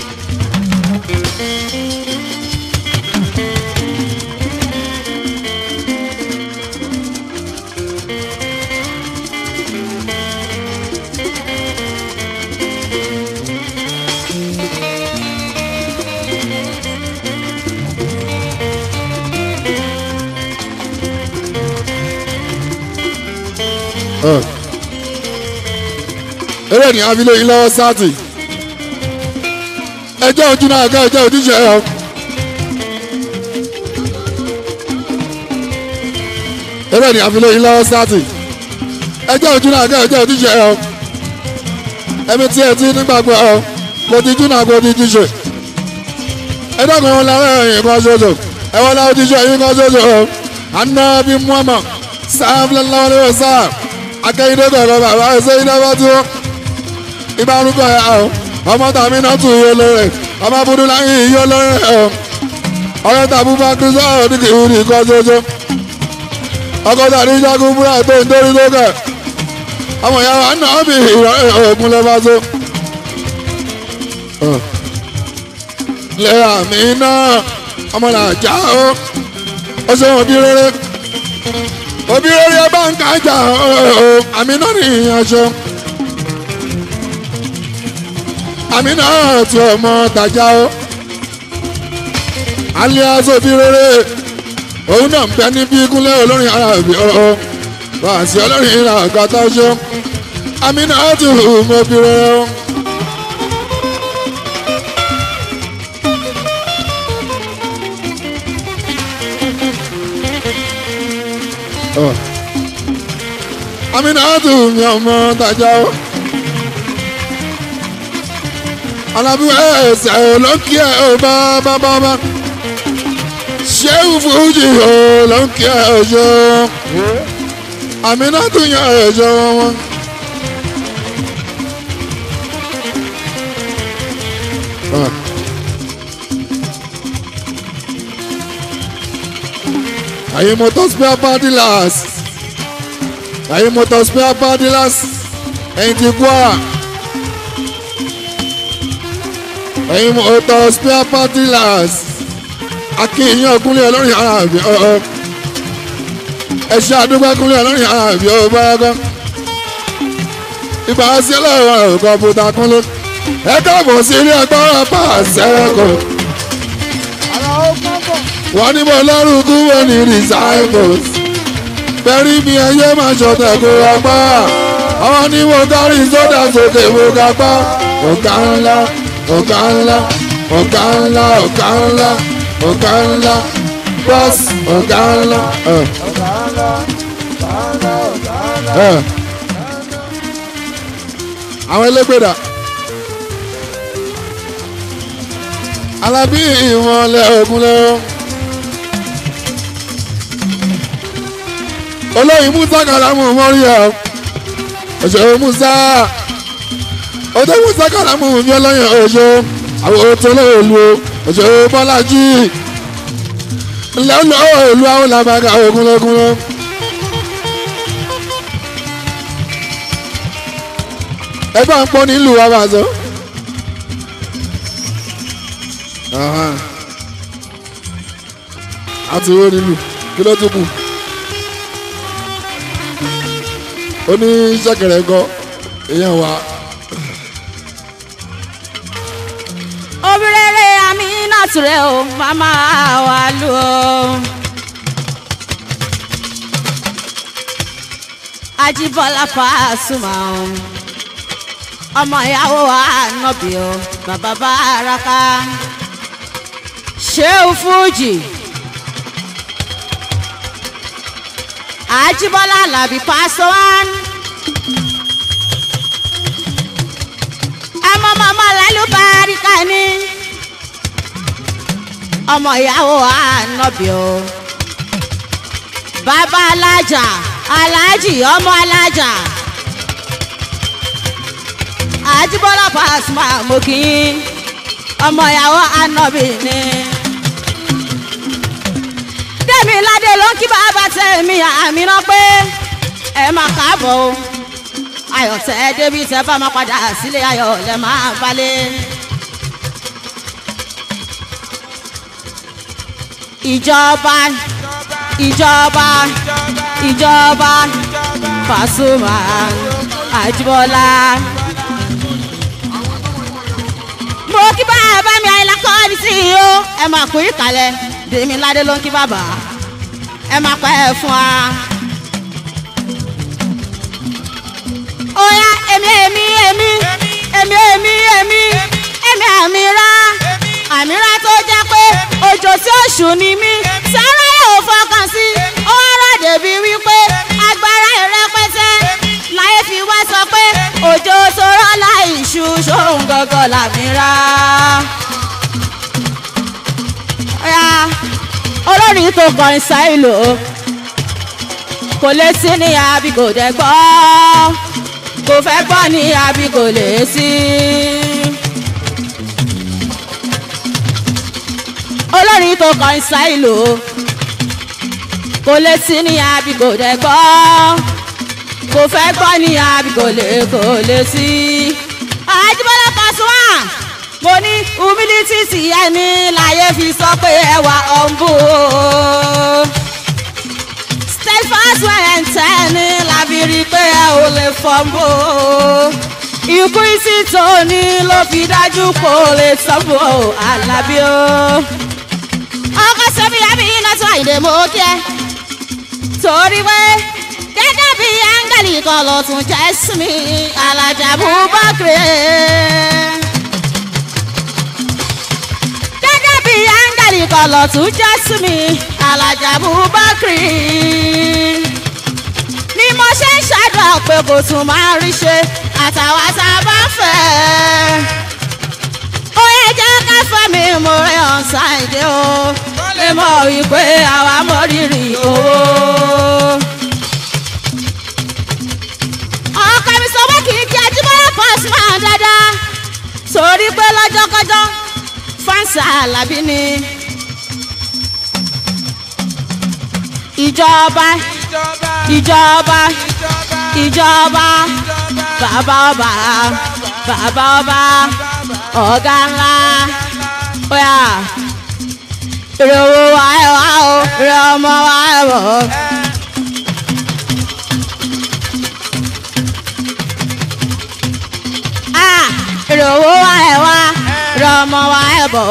bẹ́ẹ̀ ni abilé yín lọ́wọ́ sáàtì ẹjẹ́ ojú náà ká ẹjẹ́ ojúṣe ẹ̀ bẹ́ẹ̀ ni abilé yín lọ́wọ́ sáàtì ẹjẹ́ ojú náà ká ẹjẹ́ ojúṣe ẹ̀ ẹ̀mí tí ẹ ti nígbàgbọ́ ẹ̀ kò ti jú náà kò ti jíṣe ẹ dọ́kun wọn làwọn ẹ̀yìn kan ṣoṣo ẹ wọ́n làwọn jíṣe ẹ̀yìn kan ṣoṣo Ànábì Muhammad sallallahu alaihi wasallam akẹ́yìndé kọ̀ọ̀kan bàbá ẹ̀ṣẹ́ yìí náà bá ti wọ́n ìbárúkọ ẹ̀ ọ́ ọmọ tàbí náà tún iye lóore ọmọ abudu láyé iye lóore ọ́ ọ̀rẹ́ tàbí bá kí sọ̀rọ̀ ní kìí ní ìkọ́ ṣoṣo ọkọ̀ tàbí jágun fúnra tó ń dórí lókè ọmọ ìyá wa náà mi ìrọ̀rẹ́ òògùn lọ́ba tó. lẹ́yà mi náà ọmọ làjà ó ó ṣe òbí rere òbí rere bá ń kájà ó àmì náà nìyẹn ṣe. àmì náà tu ọmọ tàjà ó alias òbí rere òun náà ń bẹ níbi ikúnlẹ̀ olórin ara òbí ọ̀rọ̀ wàásù olórin ìlà ọ̀gá tó ṣe àmì náà tu ọmọ òbí rere ó. àmì náà tu ọmọ tàjà ó. Alábí ẹsẹ̀ olókì ẹ̀ ò bá bá bá bá. Ṣéwù Fújì olókì ẹ̀ òjò. Àmínà tún yàn òjò wọn. Àyè mọ́tò spare party last. Àyè mọ́tò spare party last. Ẹ̀yin ti kú àrà. ẹ̀yin mọ̀tọ́ spare party las akínyìn ọkùnrin ọlọ́rin ara àbí ọ̀ọ́ ẹ̀ṣẹ́ àdúgbò ọkùnrin ọlọ́rin ara àbí ọ̀ọ́ bárakọ́ ibà sí ọlọ́run ọ̀gọ́ bùtà kún ló ẹ káàbọ̀ sí ilé agbára pa àṣẹ́rẹ́kọ̀ wọ́n ní mo lọ́rùn kú wọ́n ní recycles bẹ́rí mi ẹyẹ máa ṣọ̀tẹ̀ kó apá àwọn ní mo dárí sódà sókè mo kápá ọ̀gá ńlá ọ̀gá ńlá ọ̀gá ńlá ọ̀gá ńlá ọ̀gá ńlá bọ́s ọ̀gá ńlá. àwọn elégbèdà alábí ìmọ̀lẹ̀ ògúnlẹ̀ olóyìn musa kàlámù mọ́ríyà ọ̀ṣọ́ musa òtẹ́wù sẹ́kọ̀rọ̀ mú mi ọlọ́yìn òjò òtẹ́lẹ̀ òlu òjò bọ́lájì lẹ́nu òlu àwọn làbàgà ògúnlógúnló. ẹ bá ń pọ́n nílùú wa bá a ti wó nílùú kí ló tún kù. ó ní sẹ́kẹ̀rẹ̀ gan èèyàn wa. jésù rẹ o màmá wa lù o. ajíbọ́lá Pasuma o ọmọ ìyàwó wa nọ́bì o bàbá báraka ṣéun fújì ajíbọ́lá làbí Pasuma. ẹ mọ màmá lálùbáríkà ni ọmọ ìyàwó ànábì o bàbá alájà aláàjì ọmọ alájà àjíbọ́lá Pasuma mo kì í ọmọ ìyàwó ànábì ni. tèmi ládé ló ń kí bàbá tèmi àmì náà pé ẹ máa káàbọ̀ o ayọ̀ débi tẹ́ bá máa padà sílé ayọ̀ lẹ́ máa balẹ̀. ìjọba ìjọba ìjọba fasuma. Ajibola. mo kí bàbá mi àyìnlá kọ́ mi sí i o ẹ máa kú ìkàlẹ̀ dèmi ládé ló ń kí bàbá ẹ máa pa ẹ fún wa. ó yá èmi èmi. Ojo tí òṣù ni mí sára yóò fọkàn sí ó wá rọ̀dẹ̀ bí wípé agbára ìrẹpẹtẹ láyé fi wá sọ pé òjò sọ̀rọ̀ láì ṣu ṣóun gangan làmírà. olórí tó kọrin sáyé lò ó kò lè sí ní àbí gbọ́ kò fẹ́ gbọ́ ní àbí kò lè olórin tó kọ ìsáìlò kò lè sí ní àbí kò dẹ̀ gbọ́ kò fẹ́ gbọ́ ní àbí kò lè kò lè sí. àjibọ́lá Pasuma mo ní humility ti ẹni láyé fi sọ pé ẹwà ọ̀nbù o. steadfast way and tẹ́ni láfi rí pé ẹ ò lè fọ́nbù o. ikú ìsìtò ni ló fi dájú kó lè sọ́nbù o Àyìndé mo kí ẹ torí pé gẹ́gẹ́ bí áńgẹ́lì kan lọ tún jẹ́ sí mi alájà Bùbákìrì. gẹ́gẹ́ bí áńgẹ́lì kan lọ tún jẹ́ sí mi alájà Bùbákìrì. ni mo ṣe ń ṣàdúrà pé kò tún máa rí ṣe àtàwọn tá a bá fẹ́. ó yẹ jẹ́ ká fẹ́ mi mo rẹ̀ ọ̀sán ìdí o lè mọ̀ wípé àwa mọ̀ rírì owó. ọkọ mi sọ pé kì í kí Ajíbọ́lá pass máa dáadáa torí pé lọ́jọ́kọ́jọ́ fáǹsà làbí ni. ìjọba ìjọba ìjọba bàbá ọba bàbá ọba ọ̀gá ńlá ìrọ̀wọ́ wa ẹ̀ wá o ìrọ̀ ọmọ wa ẹ̀ wọ̀. ìrọ̀wọ́ wa ẹ̀ wá ìrọ̀ ọmọ wa ẹ̀ bọ̀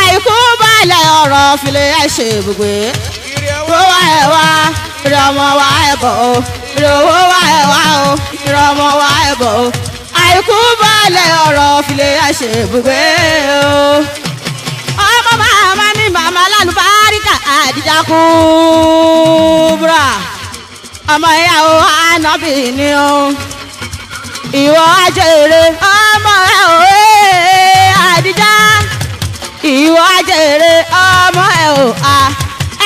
àìkú balẹ̀ ọ̀rọ̀ fìlẹ̀ ẹ̀ ṣe ibùgbé ìrọ̀wọ́ wa ẹ̀ wá ìrọ̀ ọmọ wa ẹ̀ bọ̀ ìrọ̀wọ́ wa ẹ̀ wá o ìrọ̀ ọmọ wa ẹ̀ bọ̀ àìkú balẹ̀ ọ̀rọ̀ màmá lálùbáríkà àdìjà kúbúrà ọmọ ìyàwó ànábì ni ó ìwọ O ọmọ ẹ̀ ò ẹ́ àdìjà ìwọ ajẹ́rẹ́ ọmọ ẹ̀ ò à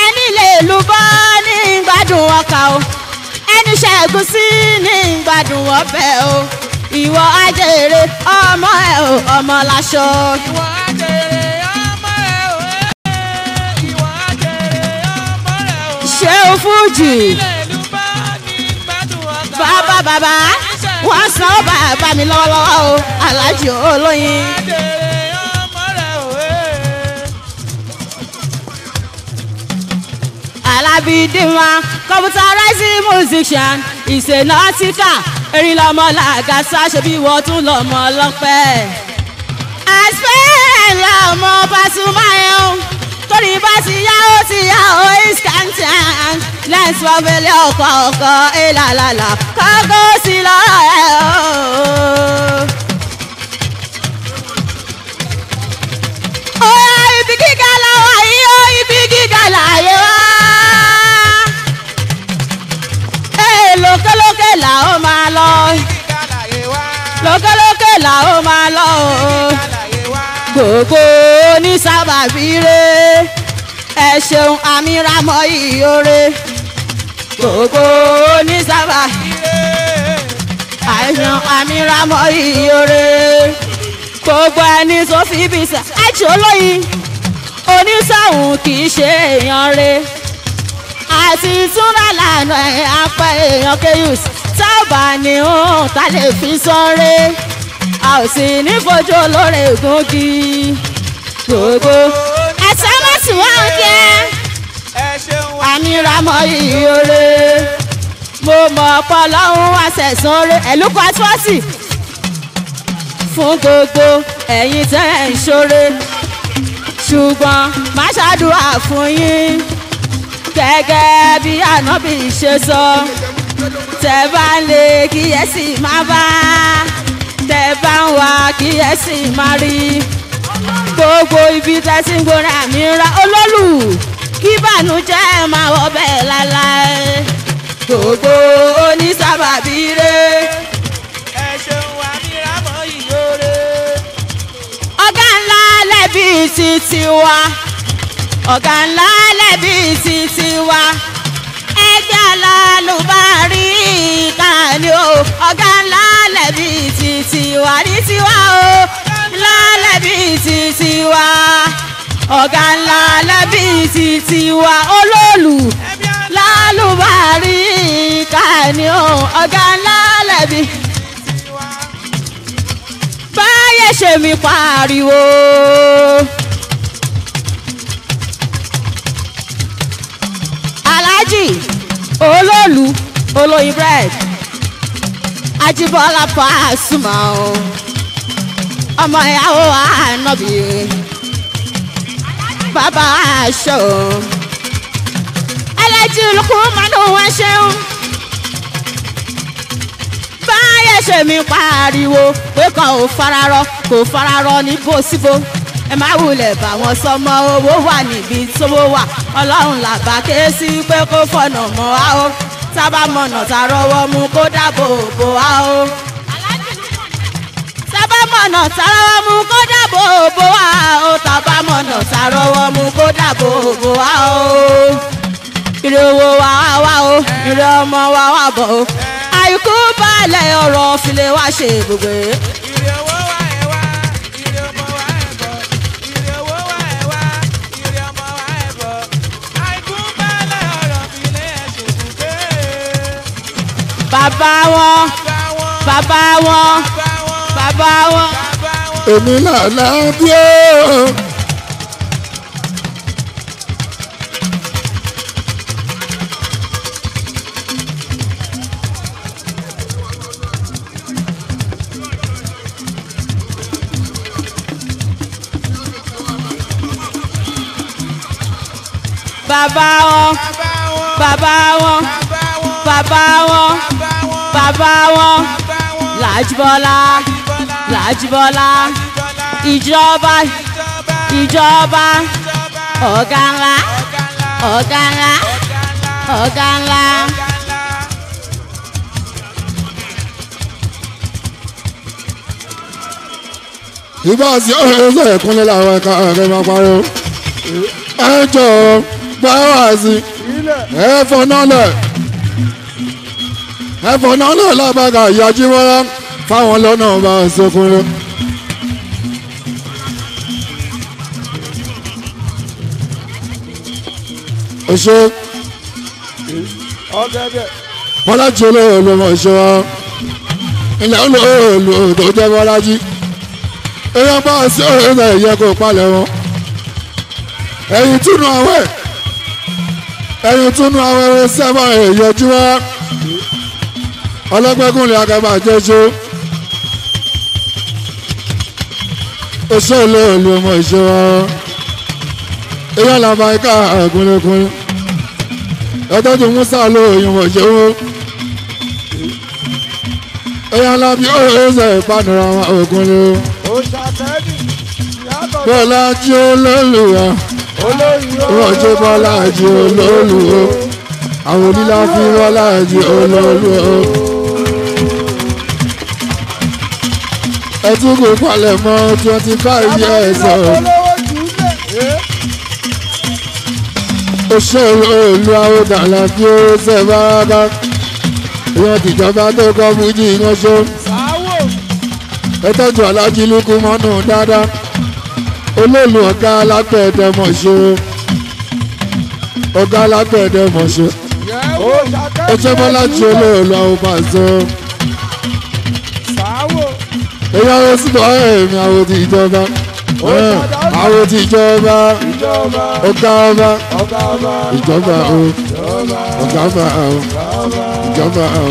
ẹni lè lù bọ́ ní gbádùn o ẹni ṣẹ́gun sí ní gbádùn ọbẹ̀ o ìwọ ajẹ́rẹ́ ọmọ ẹ̀ ò ọmọ láṣọ. Ṣeun Fújì. Bàbá bàbá wọ́n san ó bàbá mi lọ́wọ́lọ́wọ́ o, Aláàjì Olóyin. Alábìdìmọ̀ kọ̀mpútàráìsì musician ìṣènàtìkà erin lọmọ làgàsà ṣebí wọ́n tún lọ́mọ lọ́pẹ́. Àṣẹ ẹ̀ lọ́mọ Pasuma ẹ̀ o torí bá ti yá ó ti yá ó iskantan lẹ́yìn tí wọ́n fẹ́lẹ́ ọkọ̀ ọkọ̀ ìlàlàlà eh, kọ́kọ́ sí lọ́rọ̀ ẹ̀ o. ọ̀rọ̀ ibi gíga làwọn yìí ó ibi gíga láàyè wá. Eh, lókèlókè là ó máa lọ lókèlókè là ó máa lọ o gbogbo onísábàbí re ẹ ṣeun amíramọ ìyóre gbogbo onísábàbí re ẹ ṣeun amíramọ ìyóre gbogbo ẹni tó fi bí sẹ ẹjọ lóyin onísọ̀hún kì í ṣe èèyàn re àti túnra lànà ẹ̀ apá èèyàn kẹ́yùs tábà ni ó ta lè fi sọ́re a ò sì ní fojú olóore ògúngi gbogbo. ẹ̀sán má sì wá oúnjẹ. àmì ramọ ìyóore mo mọ̀ ọ̀pọ̀ ọlọ́run wá sẹ̀sán rẹ̀ ẹ̀lúkọ asọ́ọ̀sì fún gbogbo ẹ̀yin tẹ́ ẹ̀ ń ṣoore ṣùgbọ́n má ṣàdúrà fún yín gẹ́gẹ́ bí ànábì ṣe sọ tẹ́ bá lè kíyèsí má bá tẹ bá ń wá kí ẹ sì máa rí gbogbo ibi tẹ sí ń gbóná mi ra olólù kí bànújẹ́ máa wọ bẹ́ẹ̀ láláì gbogbo onísábàbí rẹ. ẹ ṣeun wà mí rámọ ìyóore. ọ̀gá ńlá lẹ́bi ti tiwa ọ̀gá ńlá lẹ́bi ti tiwa jẹ́ alálùbárí kàní o ọ̀gá ńlá lẹ́bi títí wà ní tiwa o ńlá lẹ́bi títí wà ọ̀gá ńlá lẹ́bi títí wà olóòlù báyẹ̀ ṣe mi pariwo. aláàjì olóòlù olóyin bread Ajíbọ́lá Pasuma o ọmọ ìyàwó ànábì bàbá aṣọ ẹlẹ́jì lukùn mọ́nú wọn ṣeun báyẹ̀ ṣe mi pariwo pé kò fararọ kò fararọ ní bòsíbò ẹ má wulẹ̀ bá wọn sọmọ owó wà níbi tówó wà ọlọ́run làbá ké sí pé kó fọ̀nà mọ́ a ó sábà mọ̀nà tàrọ́wọ́ mú kó dáàbò bò a ó sábà mọ̀nà tàrọ́wọ́ mú kó dáàbò bò a ó sábà mọ̀nà tàrọ́wọ́ mú kó dáàbò bò a ó ire owó wa wá o ire ọmọ wa wá bọ̀ o àìkú balẹ̀ ọ̀rọ̀ òfìlẹ̀ wá ṣe gbogbo e. bàbá wọn bàbá wọn bàbá wọn. èmi lànà bí ó. bàbá wọn bàbá wọn bàbá wọn bàbá wọn làjìbọ́lá làjìbọ́lá ìjọba ìjọba ọ̀gá ńlá ọ̀gá ńlá ọ̀gá ńlá. ìbá sí ọ̀rọ̀ ẹ̀ sọ̀rọ̀ kúnlẹ̀ làwọn ẹ̀ka ọ̀rẹ́ máa pariwo ẹ jọ̀ọ́ gbáwá sí ẹ ẹ̀fọ́ náà náà lágbára ìyájú mọ́ra fáwọn lọ́nà bá a sọkún lọ. ọṣọ bọ́lájí olóòlùmọ̀ ọṣọ ilẹ̀ olóòlù tó jẹ́ bọ́lájí èèyàn bá a sọ èèyàn ẹ̀yẹ kó palẹ̀ wọn ẹ̀yìn túnú àwẹ̀ ẹ̀yìn túnú àwẹ̀ ẹ̀yẹ sẹ́wọ̀n ẹ̀yẹ jùlọ ọlọ́gbẹ́kùnrin agaba jẹ́jọ́ oṣù olóòlù ọmọ ìṣòwò ìyá làbá ika ẹjọ́ tó musa lóòyìn ọmọ ìṣòwò ìyá làbí ọ̀rẹ́sẹ̀ ìpanira ògúnlẹ̀ bọ́lá jí olóòlù wa ọmọ bọ́lá jí olóòlù o àwọn onílàfín bọ́lá jí olóòlù ẹ tún kò palẹ̀ mọ́ twenty five years old. òṣèlú ìlú àwòdàlà kí ó ṣe bára ìyẹn tìjọba tó kọ́ fújì yẹn ṣó. ẹ tọ́jú alájí lukú mọ́nú dáadáa olóòlù ọ̀gá alápẹ̀ẹ́dẹ́ mọ̀ ṣe ọ̀gá alápẹ̀ẹ́dẹ́ mọ̀ ṣe ọ̀ṣẹ́ bọ́lá jù olóòlù àwọn bàṣẹ́ èèyàn ló sì tọ́ èmi àwọn ti ìjọba àwọn ti ìjọba ọ̀gá ọba ìjọba o ọ̀gá ọba o ìjọba o.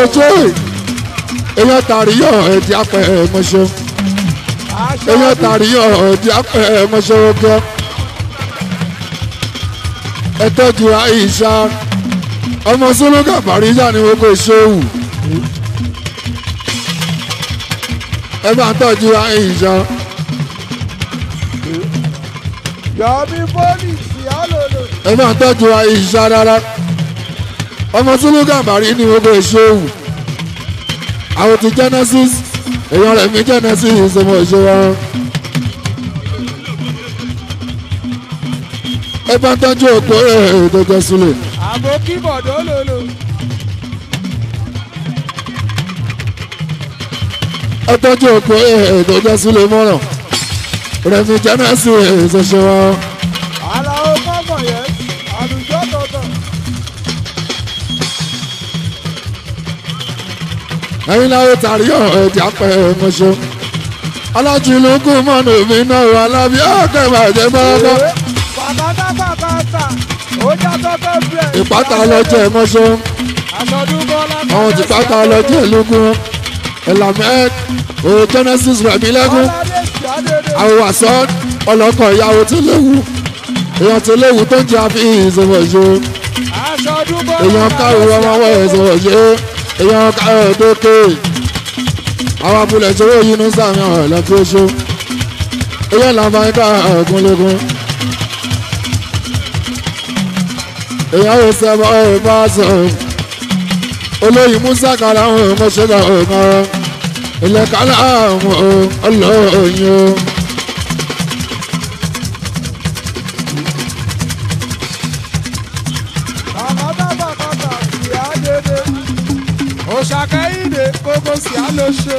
Ojo! èèyàn tàríyàn ẹ̀dí apẹ̀ ẹ̀mọ́ṣọ́ èèyàn tàríyàn ẹ̀dí apẹ̀ ẹ̀mọ́ṣọ́ gẹ́ ẹ tọ́jú àìsà ọmọ sólógà bàríjà ni gbogbo ìṣòwò ẹ bá tọ́jú àìsà. yọ̀ọ́bí pọ́lìsì àlòlò. ẹ bá tọ́jú àìsà rárá ọmọ sólógà bàrí ni gbogbo ìṣòwò àwọn ti Genesis èèyàn rẹ̀ mi Genesis ọmọ ìṣòro. ẹ bá ń tọ́jú òkú rẹ̀ tó jẹ́ Sule. àbò kíbọ̀dọ̀ lòlò. ẹ tọ́jú òkú rẹ̀ tó jẹ́ mọ́ràn rẹ̀ mi Genesis ọṣẹ́ wa. ẹ̀yin láyé tàrí ọ̀ ẹ̀jẹ̀ apẹ̀ ẹ̀mọ̀ṣọ́ alájùlùkù mọ́nà mi náà wà lábí ọ̀kẹ́ bàjẹ́ bọ́ọ̀bọ́. bàbá bá bàbá ó já tọ́tọ́ bẹ̀. ìpátá lọ́jọ́ ẹ̀mọ̀ṣọ́ àwọn ti pátá lọ́jọ́ ẹ̀lúkún ẹ̀làmẹ́ẹ̀k o Genesis rẹ̀mílẹ́kún àwọn àṣọ ọlọ́kọ̀ ìyàwó tó léwu èèyàn tó léwu tó ń jẹ́ àfihàn ìṣòwò ṣe èèyàn káwọ́ ọmọ wọ̀ ìṣòwò ṣe èèyàn káyọ̀ tó ké àwọn abúlẹ̀ sórí òyìn ní sàmì ọ̀rọ̀ lọ́kọ́ oṣù èèyàn làǹfààní ká ọ̀gúnlógún èèyàn ò sẹ́mọ̀ ọ̀rọ̀ bá sọ olóyìn Musa kàlà ọ̀rọ̀ mọ̀ṣẹ́gà ọ̀gán ilẹ̀ kàlà ọ̀rọ̀ ọlọ́ọ̀yìn o. ló ṣe.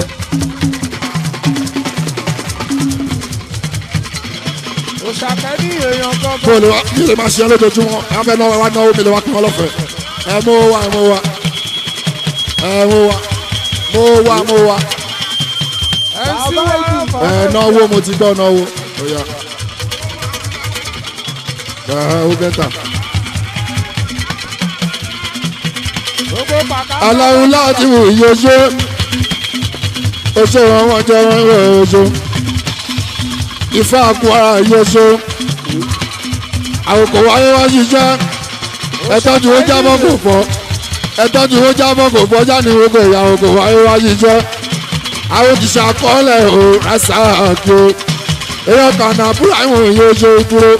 òṣàkẹ́ ní èèyàn kan. bóòlù wa kí lè máa ṣe lójoojúmọ́ a fẹ́ náwó wa náwó mi lè wá pín wọn lọ́fẹ̀ẹ́ ẹ mú wa mú wa ẹ mú wa mú wa mú wa. ẹ ń sí wa. ẹ náwó mo ti gbọ́ náwó. Ẹ̀hẹ́ ó bẹ́tà. Aláwo láti wù yóò ṣe oṣó wọn jẹ́ wọn rẹ̀ oṣó ifá kú ara yìí oṣó àwòkọ́ wáyé wá ṣiṣẹ́ ẹ̀tọ́ tí ó jábọ́ kò fọ́ ẹ̀tọ́ tí ó jábọ́ kò fọ́ jáde gbogbo ìyá àwòkọ́ wáyé wá ṣiṣẹ́ àwọn òṣìṣẹ́ akọ́lẹ̀ ò rásà àkó eré kànáà búra ìwọ̀n yìí oṣó dúró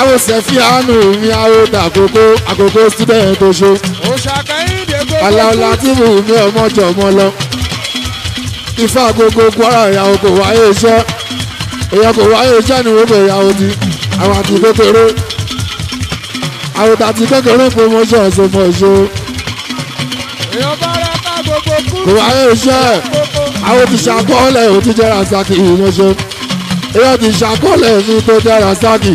àwọn sẹ́fì àánú mi àwọn dàkókò àkókò síbẹ̀ tó ṣó. òṣàkẹ́yìn dèkó. aláwọ̀ láti mú mi ọmọ jọ̀mọ́ lọ ifá gbogbo Kwara ìyàwó kò wáyé iṣẹ́ èèyàn kò wáyé iṣẹ́ ni wọ́n bẹ̀ ìyàwó di àwọn àti kékeré àwòtà àti kékeré promotion ẹ̀sìn fún èso. kò wáyé iṣẹ́ àwọn ti ṣàkọọ́lẹ̀ ò ti jẹ́ rasaki ìmọ̀ṣẹ́ èèyàn ti ṣàkọọ́lẹ̀ mi tó jẹ́ rasaki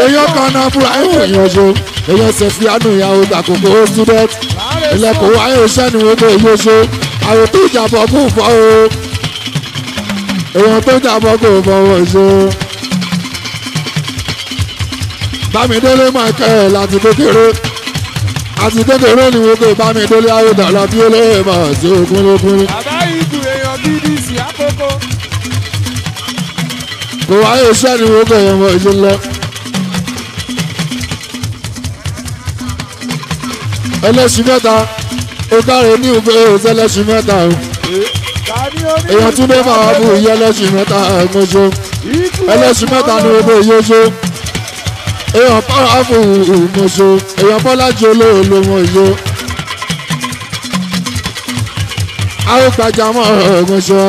èèyàn kan náà fúra ẹ̀wọ̀n ìyànṣẹ́ èèyàn ṣẹ̀fíànù ìyàwó tàkókò student ilẹ̀kùn wáyé iṣẹ́ ni wọ́n bẹ̀ ìyànṣẹ́ àwọn tó jàbọ̀ kò fọ́ o èèyàn tó jàbọ̀ kò fọwọ́ ṣe. Bámidélé Michael láti kékeré àti kékeré ni wọ́n pè Bámidélé ayédàlá tí ó lè mà sí ogún lógún. bàbá ìdù èèyàn gidi àkókò. kò wáyé iṣẹ́ ni wọ́n pè èèyàn mọ̀ ṣe lọ. ẹlẹ́sìn mẹ́ta ó káre ní ìfẹ́ òṣẹ́ lẹ́sùn mẹ́ta o èèyàn tún dé bàbá bù yí ẹlẹ́sùn mẹ́ta ẹ̀mọ́jọ ẹlẹ́sùn mẹ́ta ni owó ìyóṣó èèyàn pàrọ̀ fún ìmọ̀ṣọ èèyàn bọ́lá jẹ́ olóòlómọ ìyó àwọn gbajàmọ̀ ẹ̀mọ́ṣọ.